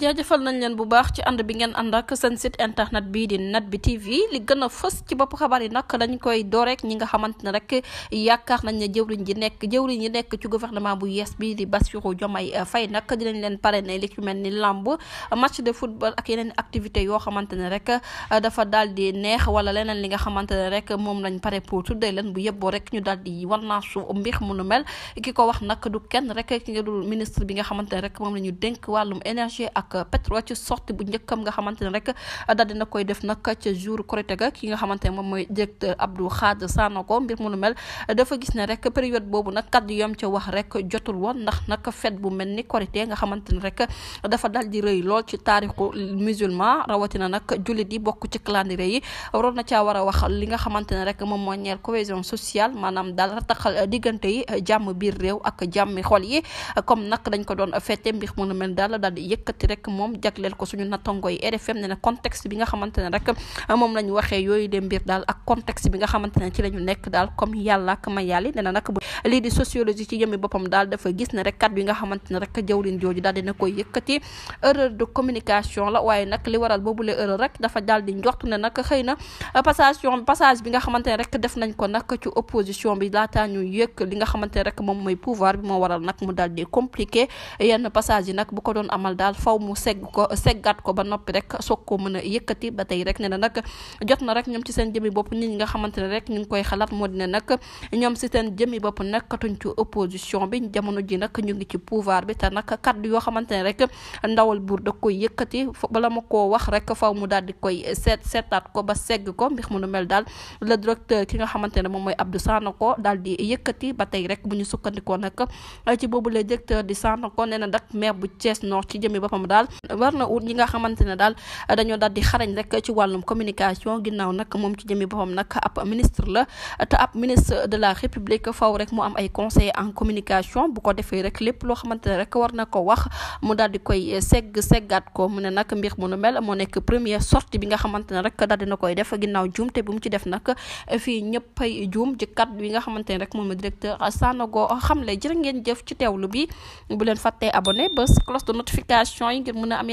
jaajëfal nañ leen bu baax ci ànd bi ngeen ànd ak seen site internet bii di net bi TV li gën a fës ci bopp xabaar yi nag dañ koy door rek ñi nga xamante ne rek yaakaar nañ ne jëwriñ ji nekk jëwriñ yi nekk ci gouvernement bu yees bi di Bassirou Diomaye Faye nag dinañ leen parrainé li ci mel ni lamb match de football ak yeneen activité yoo xamante ne rek dafa daal di neex wala leneen li nga xamante ne rek moom lañ pare pour dee leen bu yëbboo rek ñu daal di war naa su mbir mu nu mel ki ko wax nag du kenn rek ki nga dul ministre bi nga xamante ne rek moom la ñu dénk wàllum énergie ak ak pétrole ci sortie bu njëkkam nga xamante ne rek uh, daal dina koy def nag ca jour Korité ga ki nga xamante ne moom mooy directeur Abdou Khadre Sanoko mbir mu nu mel uh, gis ne rek période boobu nag kaddu yom ca wax rek jotul woon ndax nag fête bu mel ni Korité nga xamante ne rek uh, dafa dal di rëy lool ci taarixu musulman rawatina nag jullit yi bokk ci calendrier yi waroon na caa war a wax li nga xamante ne rek moom moo ñeel cohésion sociale maanaam daal rataxal diggante yi jàmm biir réew ak jàmmi xol yi comme nag dañ ko doon fête mbir mu nu mel daal daal di yëkkati rek rek moom jagleel ko suñu nattango yi RFM ne na contexte bi nga xamante ne rek ah, moom yooyu de mbir daal ak contexte bi nga xamante ci la nekk daal comme yàlla ak ma yàlli ne na nag lii di sociologie ci jëmmi boppam daal dafa gis ne rek kat bi nga xamante ne rek jawlin jooju daal dina koy yëkkati erreur de communication la nag li waral boobule erreur rek dafa daal di njort ne nag xëy na passation passage bi nga xamante ne rek def nañ ko nag ci opposition bi laataa ñu yëkk li nga xamante ne rek moom mooy pouvoir bi moo waral nag mu daal di compliqué yenn passage yi nag bu ko doon amal daal faw mu segg ko seggaat ko ba noppi rek soog koo mën a yëkkati ba tey rek ne na nag jot na rek ñoom ci seen jëmmi bopp nit ñi nga xamante ne rek ñu ngi koy xalaat moo di ne nag ñoom ci seen jëmmi bopp nag katuñ ci opposition bi jamono ji nag ñu ngi ci pouvoir bi te nag kaddu yoo xamante ne rek ndawal buur da koy yëkkati bala ma koo wax rek faw mu daal di koy seet seetaat ko ba segg ko mbir mu nu mel daal le directeur ki nga xamante ne moom mooy Abdou ko daal di yëkkati ba tey rek bu ñu sukkandikoo nag ci boobu la directeur di Sanoko nee na dak maire bu cees Nord ci jëmi boppam daal war na ut ñi nga xamante ne daal dañoo daal di xarañ rek ci wàllum communication ginnaaw nag moom ci jëmi boppam nag ab ministre la te ab ministre de la république faw rek mu am ay conseil en communication bu ko defee rek lépp loo xamante ne rek war na ko wax mu daal di koy eh, segg seggaat ko mu ne nag mbir mu nu mel moo nekk première sortie bi nga xamante ne rek daal dina koy def ginnaaw juum te bu mu ci def nag fii ñëppay juum ci kat nga xamante ne rek moom directeur Sanogo xam le jërë ngeen jëf ci teewlu bi bu leen fàttee abonné ba cloche de notification yi ngir mën a am